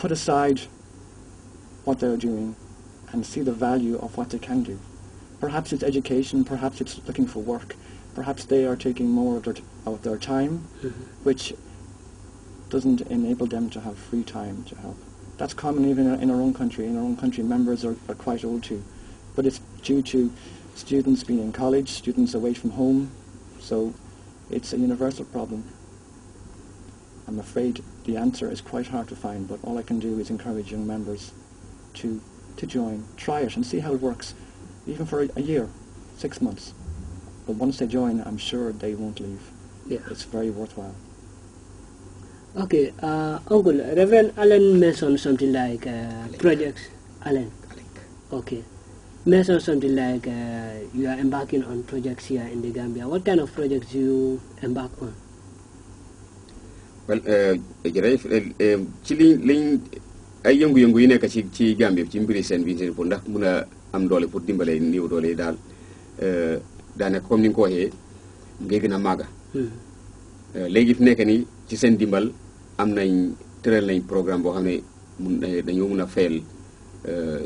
put aside what they're doing and see the value of what they can do. Perhaps it's education, perhaps it's looking for work, perhaps they are taking more of their, of their time, mm -hmm. which doesn't enable them to have free time to help. That's common even in our, in our own country. In our own country, members are, are quite old too. But it's due to students being in college, students away from home, so it's a universal problem. I'm afraid the answer is quite hard to find, but all I can do is encourage young members to, to join, try it and see how it works, even for a, a year, six months. But once they join, I'm sure they won't leave. Yeah. It's very worthwhile. Okay, uh, Uncle, Reverend Allen mentioned something like uh, projects. Allen. Okay. Mentioned something like uh, you are embarking on projects here in the Gambia. What kind of projects do you embark on? Eh, jërëjëf eh, eh, ci li liñ ay yëngu-yëngu yi nekk ci ci Gambie ci mbiri seen bi pour ndax mun a am doole pour dimbalee néew doole daal daal daanaka comme ni nga ko waxee ngay gën a màgg. léegi fi nekk nii ci seen dimbal am nañ tëral nañ programme boo xam ne mun dañoo mun a fayal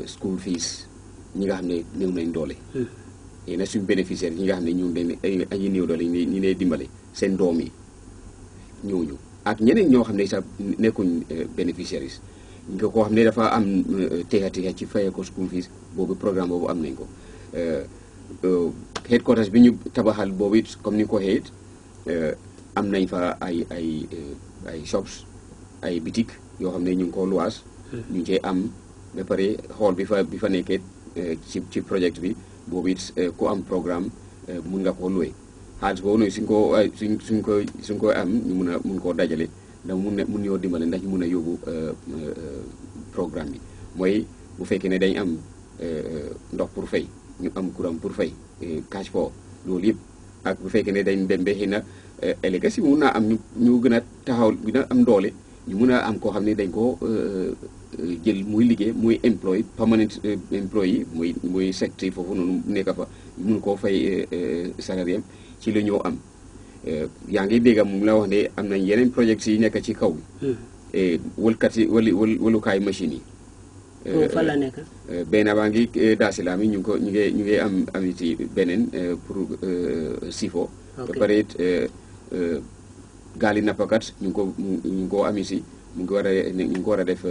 school fees ñi nga xam ne néew nañ doole. Hmm. yéen a suñu bénéficiaire ñi nga xam ne ñu ngi leen ay ay néew doole ñu ne dimbale seen doom yi ñëw ñu. ak ñeneen ñoo xam ne sax nekkuñ euh, bénéficiaires nga koo xam ne dafa am euh, teexa teexa ci fayee ko school fees boobu programme boobu am nañ ko euh, headquarters bi ñu tabaxal boobu it comme ni ko waxee am nañ fa ay ay ay shops ay bitik yoo xam ne ñu ngi hmm. ñu ngi cee am ba pare xool bi fa bi fa nekkee ci ci projet bi boobu it ku am programme mun nga koo luwee xaalis boobu noonu suñ koo suñ suñ koy suñ koy am ñu mun a mun koo dajalee ndax mun mun ñoo dimbale ndax mun a yóbbu euh, euh, programme bi mooy bu fekkee ne dañ am euh, ndox pour fay ñu am kuram pour fay cash for loolu yëpp ak bu fekkee ne dañ dem ba xëy na ëllëg si mun naa am ñu ñu gën a taxaw gën a am doole ñu mun a am koo xam ne dañ koo jël muy liggéey muy employé permanent employé muy muy secteur foofu noonu nekk fa mun koo fay salarié am ci la ñoo am eh, yaa ngi dégg moom la wax ne am nañ yeneen projets yi nekk ci kaw bi hmm. eh, wëlkat yi wëli wëlukaay machine yi eh, fan la nekk benn baa ngi daasilaam yi ñu ngi ko ñu ñu ngi am amiti beneen pour sifo ba pare it gaali nappakat ñu ngi ko ñu ko amiti mu ngi a ñu ko war a def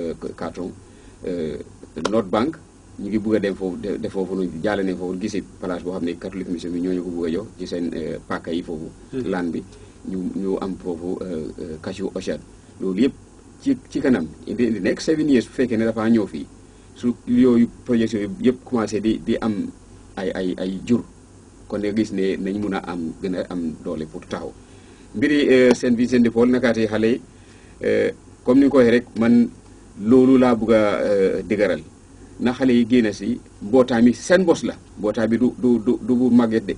North Bank ñu ngi bëgg dem foofu de foofu nu jaale ne foofu gisi place boo xam ne catholique mission bi ñooñu ko bëgg jox ci seen euh, paaka yi foofu hmm. laan bi ñu ñu am foofu euh, euh, cashew orchard loolu yëpp ci ci kanam indi indi nekk seven years bu fekkee ne dafaa ñëw fii su yooyu projection yi yëpp commencé di di am ay ay ay jur kon nga gis ne nañ mun a am gën a am doole pour taxaw mbiri Saint Vincent de Paul nakaate xale yi comme ni nga ko rek man loolu laa bëgg a dëgëral na xale yi génne si mbootaay mi seen bos la mbootaay bi du du du màgget de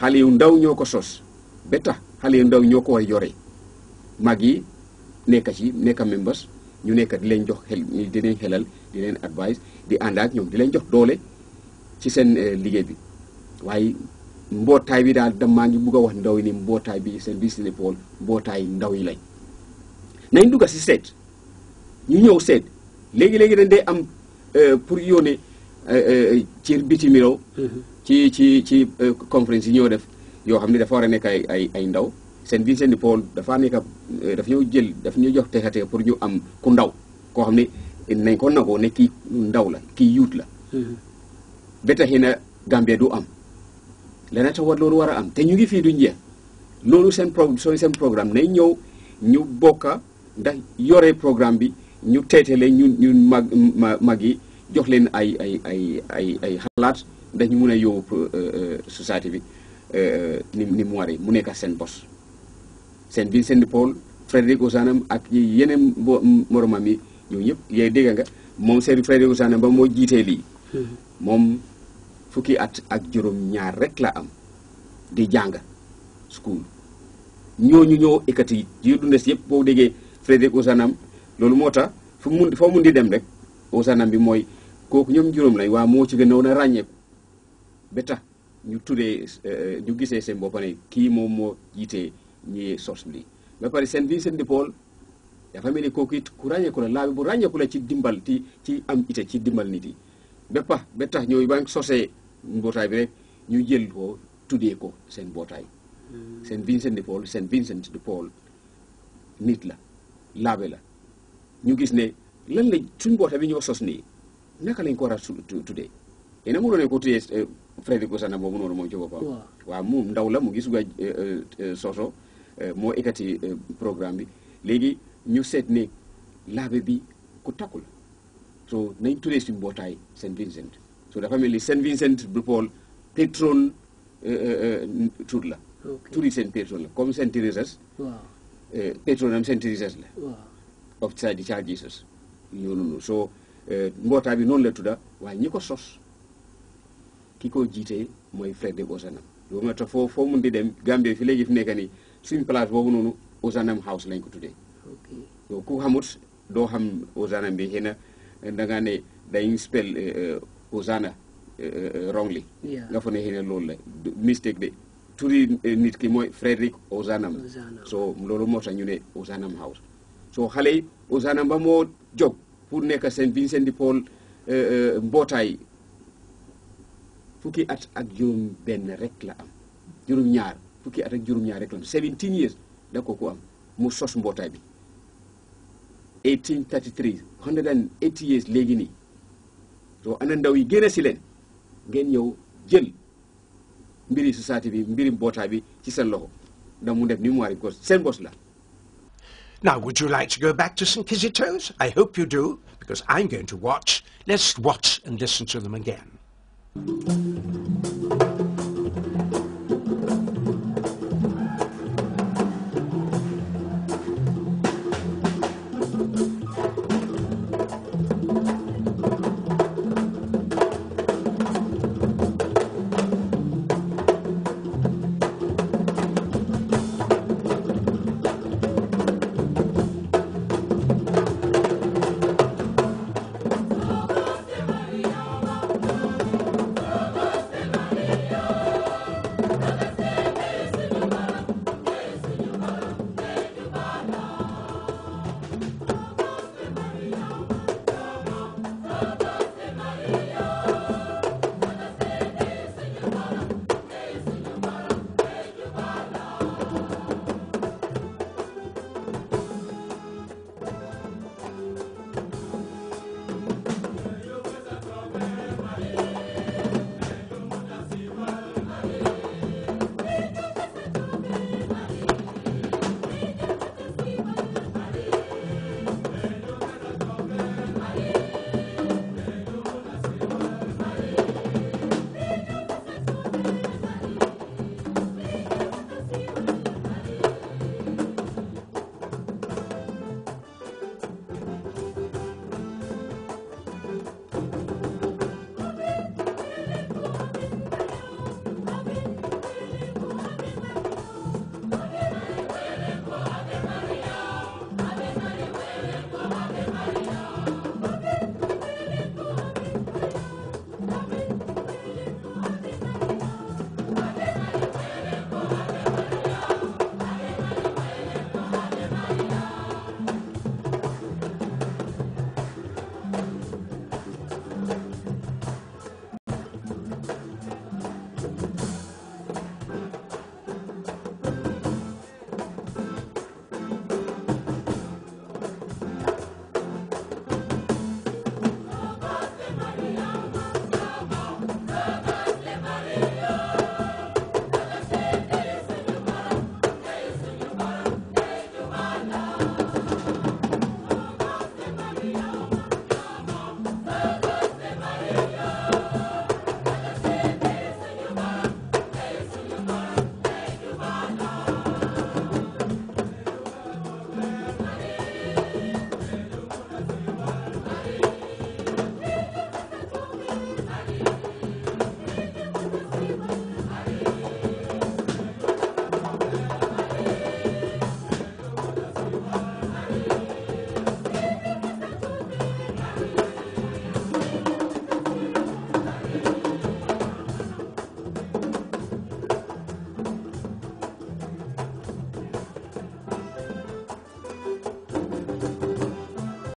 xale yu ndaw ñoo ko sos ba tax xale yu ndaw ñoo ko war mag yi nekk ci nekk members ñu nekk di jox xel xelal di leen advice di ànd ak ñoom di leen jox doole ci seen eh, liggéey bi waaye mbootaay bi daal damaa ngi bugg a wax ndaw yi ni mbootaay bi seen biir Sénégal mbootaay ndaw yi lay nañ dugg si seet ñu ñëw seet léegi-léegi dañ dee am Euh, pour yónnee euh, euh, ci bitim réew ci ci ci conférence yi ñoo def yoo xam ne dafa war a nekk ay ay ay ndaw seen biir seen di pool dafa nekk daf ñoo jël daf ñoo jox texate pour ñu am ku ndaw koo xam ne nañ ko nagoo ne kii ndaw la kii yuut la ba taxi na Gambia du am lana tax war loolu war a am te ñu ngi fii duñ jeex loolu seen pro seen programme nañ ñëw ñu bokka ndax yore programme bi ñu teetale ñu ñu mag mag yi jox leen ay ay ay ay ay xalaat dañu mun a yóbbu euh, euh, société bi euh, ni ni mu waree mu nekk seen bos seen Vincent de Paul Frédéric Osanam ak yeneen mbo moromam yi ñooñu ñëpp yooyu dégg nga moom seen Frédéric Osanam ba moo jiitee lii. Mm-hmm. moom fukki at ak juróom-ñaar rek la am di jàng school ñooñu ñoo ekkati yi dund si yëpp boo déggee Frédéric Osanam loolu moo tax fu mu foo mun di dem rek. waxtaanam bi mooy kooku ñoom juróom lañ waa moo ci gënoon a ràññeeku ba tax ñu tuddee ñu eh, gisee seen bopp ne kii moom moo jiitee ñi source bi ba pare seen bi seen dipool dafa mel ni kooku it ku ràññeeku la laabi bu ràññeeku la ci dimbal ci ci am ite ci dimbal nit yi ba pax ba tax ñooyu ba sosee mbootaay bi rek ñu jël ko tuddee ko seen mbootaay seen Vincent de Paul seen hmm. Vincent de Paul nit la laabe la ñu gis ne lan la suñ boota bi ñu ko sos nii naka lañ ko war a tuddee yéen a mënoo ne ko tuddee Frédéric Ousseynou boobu noonu moom ci boppam. waaw waaw moom ndaw la mu gis nga euh, euh, euh, soso moo ekkati programme bi léegi ñu seet ne laabe bi ku takkul la so nañ tuddee suñ mbootaay Saint Vincent so dafa mel ni Saint Vincent de Paul patron tur la. turi la comme Saint Thérèse. waaw patronam Saint Thérèse la. waaw of Charge Jesus. yoonu soo eh, mbootaay bi noonu la tudda waaye ñi ko sos ki ko jiitee mooy Frederick Osanam loolu moo tax foo foo mun di dem Gambie fi léegi fi nekk nii suñ place boobu noonu Osanam House lañ ko tuddee donc ku xamut doo xam Osanam bi xëy na eh, da ngaa ne dañ spell eh, Osana wrongly nga loolu la mistake de turi nit ki mooy Frederick Osanam so loolu moo tax ñu ne Osanam House so xale yi Osanam ba moo jóg pour nekk seen Vincent de Paul euh, euh, mbootaay fukki at ak juróom-benn rek la am juróom-ñaar fukki at ak juróom-ñaar rek la am 17 years da ko am mu sos mbootaay bi 1833 180 years léegi nii soo ana ndaw yi génne si leen ngeen ñëw jël mbiri société bi mbiri mbootaay bi ci seen loxo ndax mu def ni mu war ko seen bos la. Now, would you like to go back to St. Kizito's? I hope you do, because I'm going to watch. Let's watch and listen to them again.